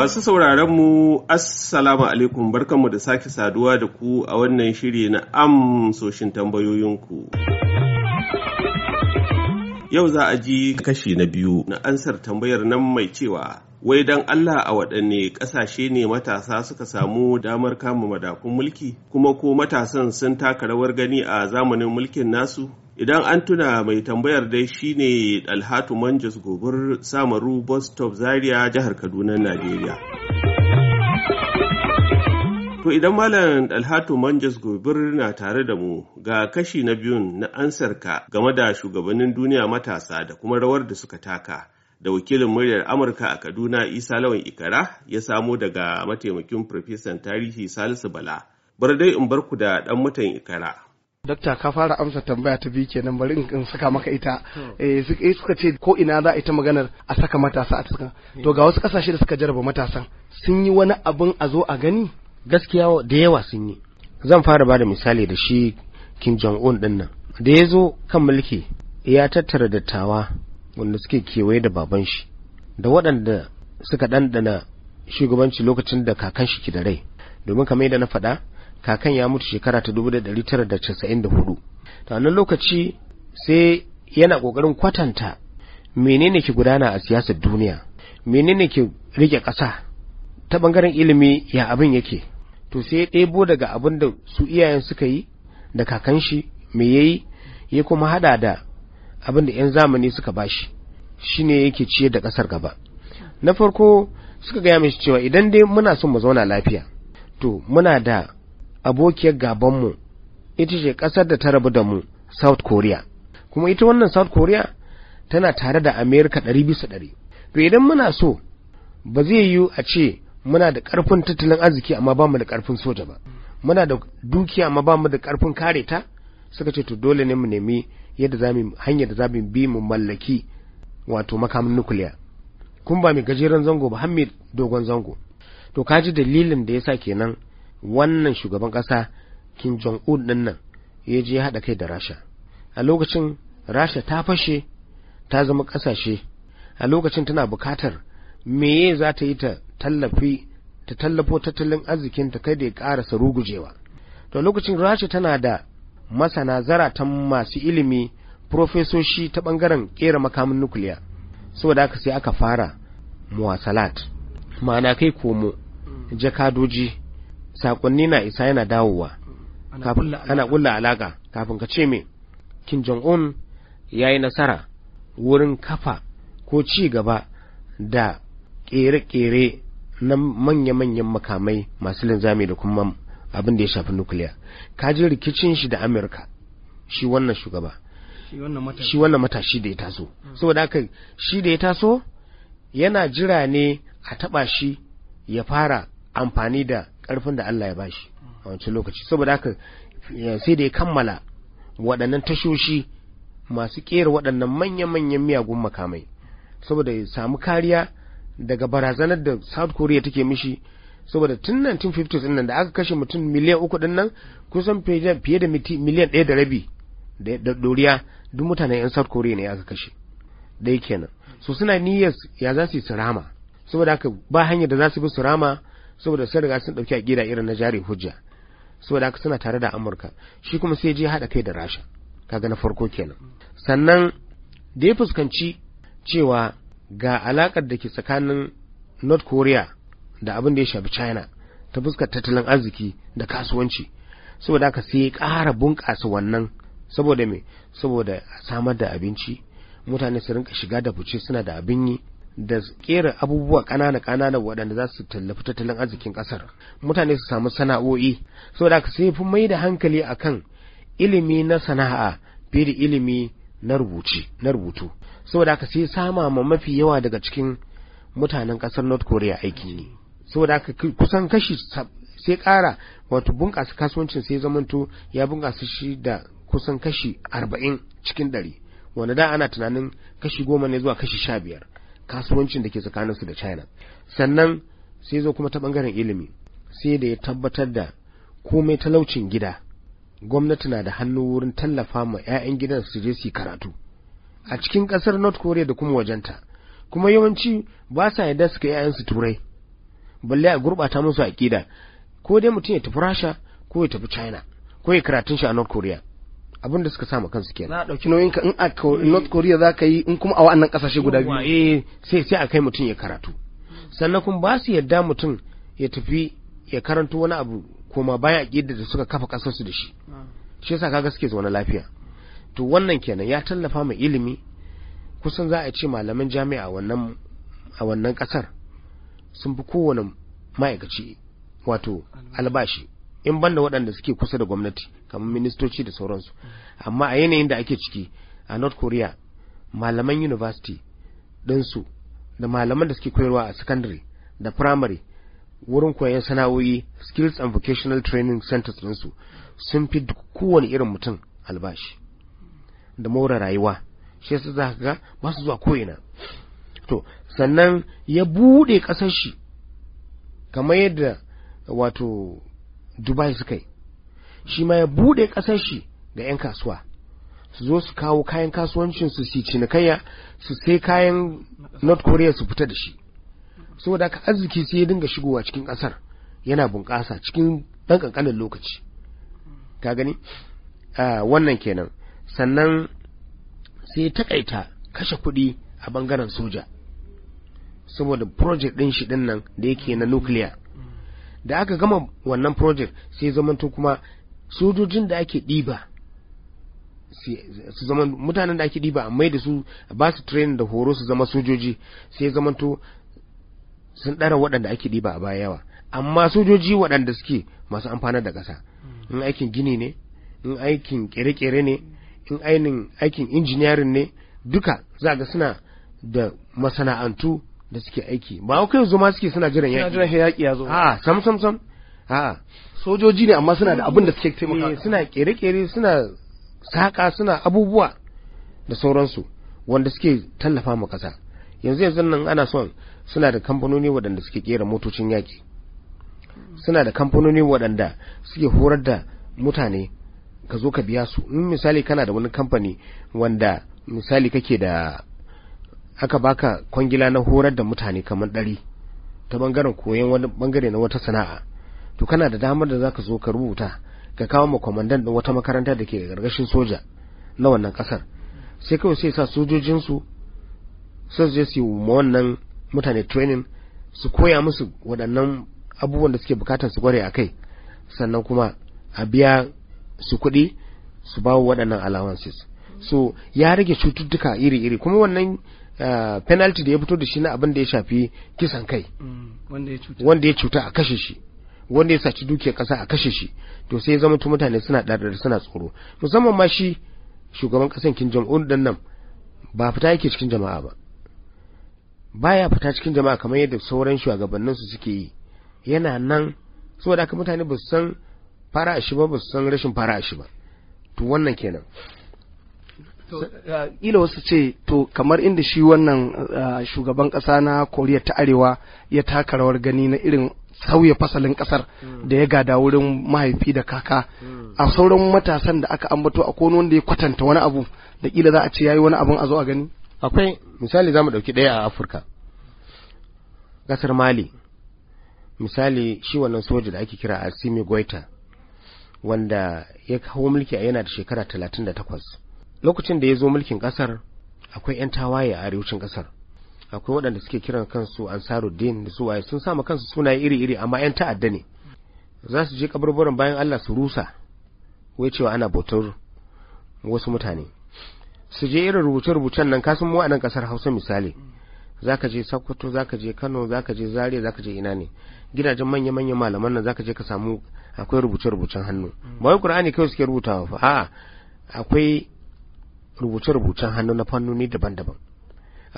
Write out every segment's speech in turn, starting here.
Masu sauraron mu Assalamu alaikum barkanmu da sake saduwa da ku a wannan shiri na amsoshin tambayoyinku. Yau za a ji kashi na biyu na ansar tambayar nan mai cewa wai dan Allah a waɗanne ƙasashe ne matasa suka samu damar kama madafun mulki kuma ko matasan sun taka rawar gani a zamanin mulkin nasu idan an tuna mai tambayar dai shine alhatu manjus gobir samaru bus zaria jihar kaduna najeriya To idan Malam Alhatu Manjas Gobir na tare da mu ga kashi na biyun na ansarka game da shugabannin duniya matasa da kuma rawar da suka taka. da wakilin muryar Amurka a Kaduna Isa Lawan Ikara ya samo daga mataimakin Farfesan Tarihi Salisu Bala. Bar dai in barku da ɗan mutan Ikara. Dokta ka fara amsa tambaya ta biyu kenan bari in saka maka ita. Hmm. Eh, eh suka ce ko ina za a ita maganar a saka matasa a cikin. Hmm. To ga wasu kasashe da suka jarraba matasan sun yi wani abun a zo a gani? Gaskiya da yawa sun yi. Zan fara bada misali da shi Kim Jong Un din nan. Da ya zo kan mulki ya tattara dattawa wanda suke kewaye da baban shi da waɗanda suka ɗanɗana shugabanci lokacin da kakan shi ke da rai domin kamar yadda na faɗa kakan ya mutu shekara ta dubu da da da tara casa'in hudu ta wannan lokaci sai yana ƙoƙarin kwatanta menene ke gudana a siyasar duniya menene ke rike ƙasa ta ɓangaren ilimi ya abin yake to sai ya ɗebo daga abin da su iyayen suka yi da kakan shi me yayi ya kuma haɗa da abin da 'yan zamani suka bashi ne yake ciyar da kasar gaba na farko suka gaya mishi cewa idan dai muna son mu zauna lafiya to muna da abokiyar gabanmu ita ce ƙasar da ta rabu da mu South Korea kuma ita wannan South Korea tana tare da America ɗari to idan muna so ba zai yiwu a ce muna da ƙarfin tattalin arziki amma ba mu da karfin soja ba muna da dukiya amma ba mu da karfin kare ta suka ce to dole ne mu nemi yadda zamu hanyar da zamu bi mu mallaki wato makamin nukiliya kun ba mai gajeren zango ba har mai dogon zango to ka ji dalilin da ya yasa kenan wannan shugaban kasa Kim Jong Un din nan ya je haɗa kai da Rasha a lokacin Rasha ta fashe ta zama ƙasashe a lokacin tana bukatar meye za ta yi ta tallafi ta tallafo tattalin arzikinta kada ya ƙarasa rugujewa to lokacin Rasha tana da masana zaratan masu ilimi profesoshi ta bangaren kera makamin nukiliya saboda aka sai aka fara muwasalat ma'ana kai komo jakadoji sakonni na isa yana dawowa ana kulla alaka kafin ka ce me kin Jong ya yi nasara wurin kafa ko ci gaba da kere-kere na manya-manyan makamai masu linzami da kuma abin da ya shafi nukiliya ka rikicin shi da amurka shi wannan shugaba shi wannan matashi da ya taso hmm. saboda haka shi da ya taso yana jira ne a taba shi ya fara amfani da karfin da Allah ya bashi a wancan lokaci saboda haka sai da ya kammala waɗannan tashoshi masu ƙera waɗannan manya-manyan miyagun makamai saboda ya samu kariya daga barazanar da South Korea take mishi saboda tun 1950s din da aka kashe mutum miliyan uku din nan kusan fiye da miliyan ɗaya da rabi da doriya duk mutanen yan south korea ne aka kashe ɗaya kenan so suna niyyar ya za su yi su rama saboda haka ba hanyar da za su bi su rama saboda sun riga sun ɗauki aƙida irin na jari hujja saboda haka suna tare da amurka shi kuma sai je haɗa kai da rasha kaga na farko kenan sannan da ya fuskanci cewa ga alakar da ke tsakanin north korea da abin da ya shafi china ta fuskar tattalin arziki da kasuwanci saboda haka sai ya ƙara bunƙasa wannan saboda me saboda samar da abinci mutane su rinka shiga da fice suna da abin yi da ƙera abubuwa ƙanana ƙanana waɗanda za su tallafi tattalin arzikin ƙasar mutane su samu sana'o'i saboda haka sai fi mai da hankali akan ilimi na sana'a fiye da ilimi na rubuci na rubutu saboda haka sai sama ma mafi yawa daga cikin mutanen ƙasar North Korea aikin yi saboda haka kusan kashi sai kara wato bunƙasa kasuwancin sai zamanto ya bunkasa shi da kusan kashi arba'in cikin ɗari wanda da ana tunanin kashi goma ne zuwa kashi sha biyar kasuwancin da ke tsakanin su da china sannan sai zo kuma ta bangaren ilimi sai da ya tabbatar da komai talaucin gida gwamnati na da hannu wurin tallafa ma 'ya'yan gidan su je su karatu a cikin ƙasar north korea da kuma wajenta kuma yawanci ba sa yarda suka 'ya'yansu turai balle a gurbata musu aƙida ko dai mutum ya tafi rasha ko ya tafi china ko ya karatun shi a north korea abin da suka sama kansu kenan na dauki nauyin ka in a north korea za ka yi in kuma a wannan kasashe guda biyu eh sai sai a kai mutum ya karatu sannan kuma ba su yarda mutum ya tafi ya karanto wani abu koma baya aƙida da suka kafa su da shi shi yasa kaga suke zaune lafiya to wannan kenan ya tallafa mai ilimi kusan za a ce malaman jami'a wannan a wannan kasar sun fi kowane ma'aikaci wato albashi in banda waɗanda suke kusa da gwamnati kamar ministoci da sauransu amma a yanayin da ake ciki a north korea malaman university ɗinsu da malaman da suke koyarwa a secondary da primary wurin koyon sana'o'i skills and vocational training centers ɗinsu sun fi kowane irin mutum albashi da more rayuwa shi yasa za ka ga ba su zuwa ko'ina to sannan ya buɗe kasar shi kamar yadda wato dubai suka yi shi ma ya buɗe ƙasar shi ga 'yan kasuwa su zo su kawo kayan kasuwancin su si cinikayya su sai kayan north korea su fita da shi saboda haka arziki sai ya dinga shigowa cikin ƙasar yana bunƙasa cikin ɗan ƙanƙanin lokaci ka gani wannan kenan sannan sai taƙaita kashe kuɗi a bangaren soja saboda project din shi din nan da yake na nuclear da aka gama wannan project sai zamanto kuma sojojin da ake diba su zama mutanen da ake ɗiba a mai da su ba su training da horo su zama sojoji sai zamanto sun ɗara waɗanda ake diba a baya yawa amma sojoji waɗanda suke masu amfana da ƙasa in aikin gini ne in aikin ƙere kere ne in ainihin aikin injiniyarin ne duka za ga suna da masana'antu da suke aiki ba kai yanzu ma suke suna jiran yaki suna jiran yaki ya zo sam sam sam a sojoji ne amma suna da abin da suke taimaka eh, suna kere-kere suna saka suna abubuwa da sauransu wanda suke tallafa ma kasa yanzu yanzu nan ana son suna da kamfanoni waɗanda suke kera motocin yaki suna da kamfanoni waɗanda suke horar da mutane ka zo ka biya su in misali kana da wani kamfani wanda misali kake da haka baka kwangila na horar da mutane kamar ɗari ta bangaren koyon wani bangare na wata sana'a to kana da damar da zaka zo ka rubuta ka kawo ma kwamandan din wata makaranta da ke gargashin soja na wannan kasar sai kawai sai sa sojojin su je su yi wannan mutane training su koya musu waɗannan abubuwan da suke bukatar su gware a kai sannan kuma a biya su kuɗi su bawo waɗannan allowances so ya rage cututtuka iri-iri kuma wannan Eh, penalty da ya fito da shi na abin da ya shafi kisan kai mm, wanda ya cuta a kashe shi wanda ya saci dukiyar kasa a kashe shi to sai ya zama mutane suna da suna tsoro musamman ma shi shugaban kasan kin jam'un din nan ba fita yake cikin jama'a ba baya fita cikin jama'a kamar yadda sauran shugabannin su suke yi yana nan saboda mutane ba su san fara shi ba ba su san rashin fara shi ba to wannan kenan Uh, ila wasu ce to kamar inda shi wannan uh, shugaban kasa na koriya ta arewa ya taka rawar gani na irin sauya fasalin kasar hmm. da ya gada wurin mahaifi da kaka hmm. a sauran matasan da aka ambato a kono wanda ya kwatanta wani abu da kila za a ce yayi wani abun a zo a gani akwai misali za mu ɗauki ɗaya a afirka ƙasar mali misali shi wannan soja da ake kira asimi goita wanda ya kawo mulki a yana da shekara talatin da takwas lokacin da ya zo mulkin kasar akwai 'yan tawaye a arewacin kasar akwai waɗanda suke kiran kansu ansaruddin da su waye sun sama kansu sunaye iri-iri amma 'yan ta'adda ne za su je kaburburan bayan allah su rusa wai cewa ana bautar wasu mutane su je irin rubuce-rubucen nan kasan mu a nan kasar hausa misali zaka je sokoto zaka je kano zaka je zaria zaka je ina ne gidajen manya-manyan malaman nan ka je ka samu akwai rubuce-rubucen hannu ba wai qur'ani kawai suke rubutawa fa a'a akwai rubuce-rubucen hannu na fannoni daban-daban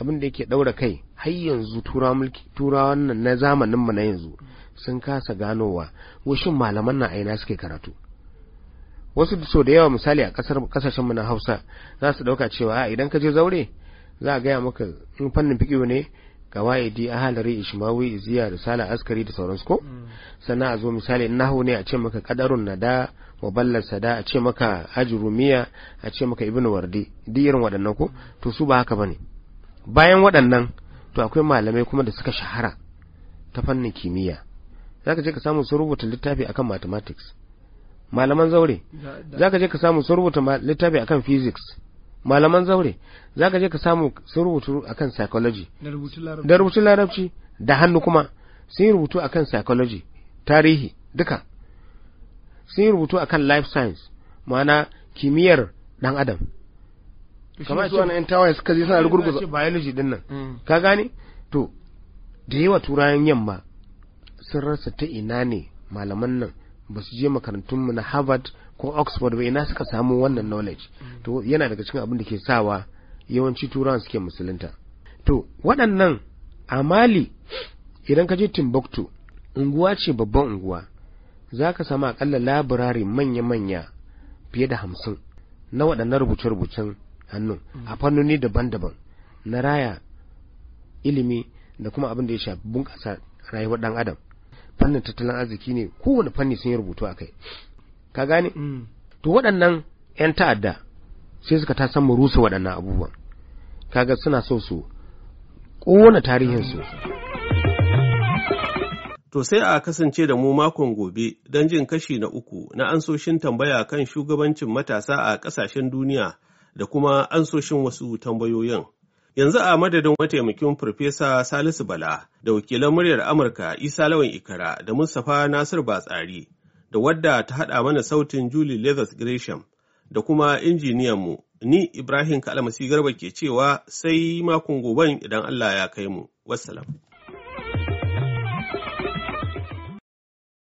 abin da yake ɗaura kai har yanzu turawan nan na zamaninmu na yanzu sun kasa ganowa wushin malaman na aina suke karatu wasu so da yawa misali a kasashen mu na hausa za su ɗauka cewa idan ka je zaure za a gaya maka in fannin fiƙiyo ne ga gawaidi ahalari ishmawi iziya risala askari da sauransu ko mm. sannan a zo misali in nahu ne a ce maka kadarun da. wa ballar sada a ce maka rumiya a ce maka ibnu wardi duk irin waɗannan ko to su ba haka bane bayan waɗannan to akwai malamai kuma da suka shahara ta fannin kimiyya zaka je ka samu su rubuta littafi akan mathematics malaman zaure zaka je ka samu su rubuta littafi akan physics malaman zaure zaka je ka samu su rubutu akan psychology da rubutun larabci da hannu kuma sun rubutu akan psychology tarihi duka sun yi rubutu a kan life science ma'ana kimiyyar ɗan adam kamar su wani 'yan tawaye suka je suna rugurguza biology din nan mm. ka gane to da yawa turayen yamma sun rasa ta ina ne malaman nan ba su je makarantunmu na harvard ko oxford ba ina suka samu wannan knowledge mm. to yana daga cikin abin da ke sawa yawanci turawan suke musulunta to waɗannan a mali idan ka je timbuktu unguwa ce babban unguwa za ka samu akalla labirari manya-manya fiye da hamsin na waɗannan rubuce-rubucen hannun a fannoni daban-daban na raya ilimi da kuma abin da ya shafi bunƙasa rayuwar ɗan adam fannin tattalin arziki ne kowane fanni sun yi rubutu a kai ka gane mm. to waɗannan 'yan ta'adda sai suka ta san mu rusa waɗannan abubuwan kaga suna so su ƙona tarihinsu To sai a kasance da mu makon gobe don jin kashi na uku na ansoshin tambaya kan shugabancin matasa a ƙasashen duniya da kuma ansoshin wasu tambayoyin. Yanzu a madadin mataimakin Farfesa Salisu Bala da wakilan muryar Amurka Isa Lawan Ikara da Mustapha Nasir Batsari da wadda ta haɗa mana sautin Julie Leathers Gresham da kuma injiniyan mu ni Ibrahim Kalmasi Garba ke cewa sai makon goben idan Allah ya kai mu. Wassalam.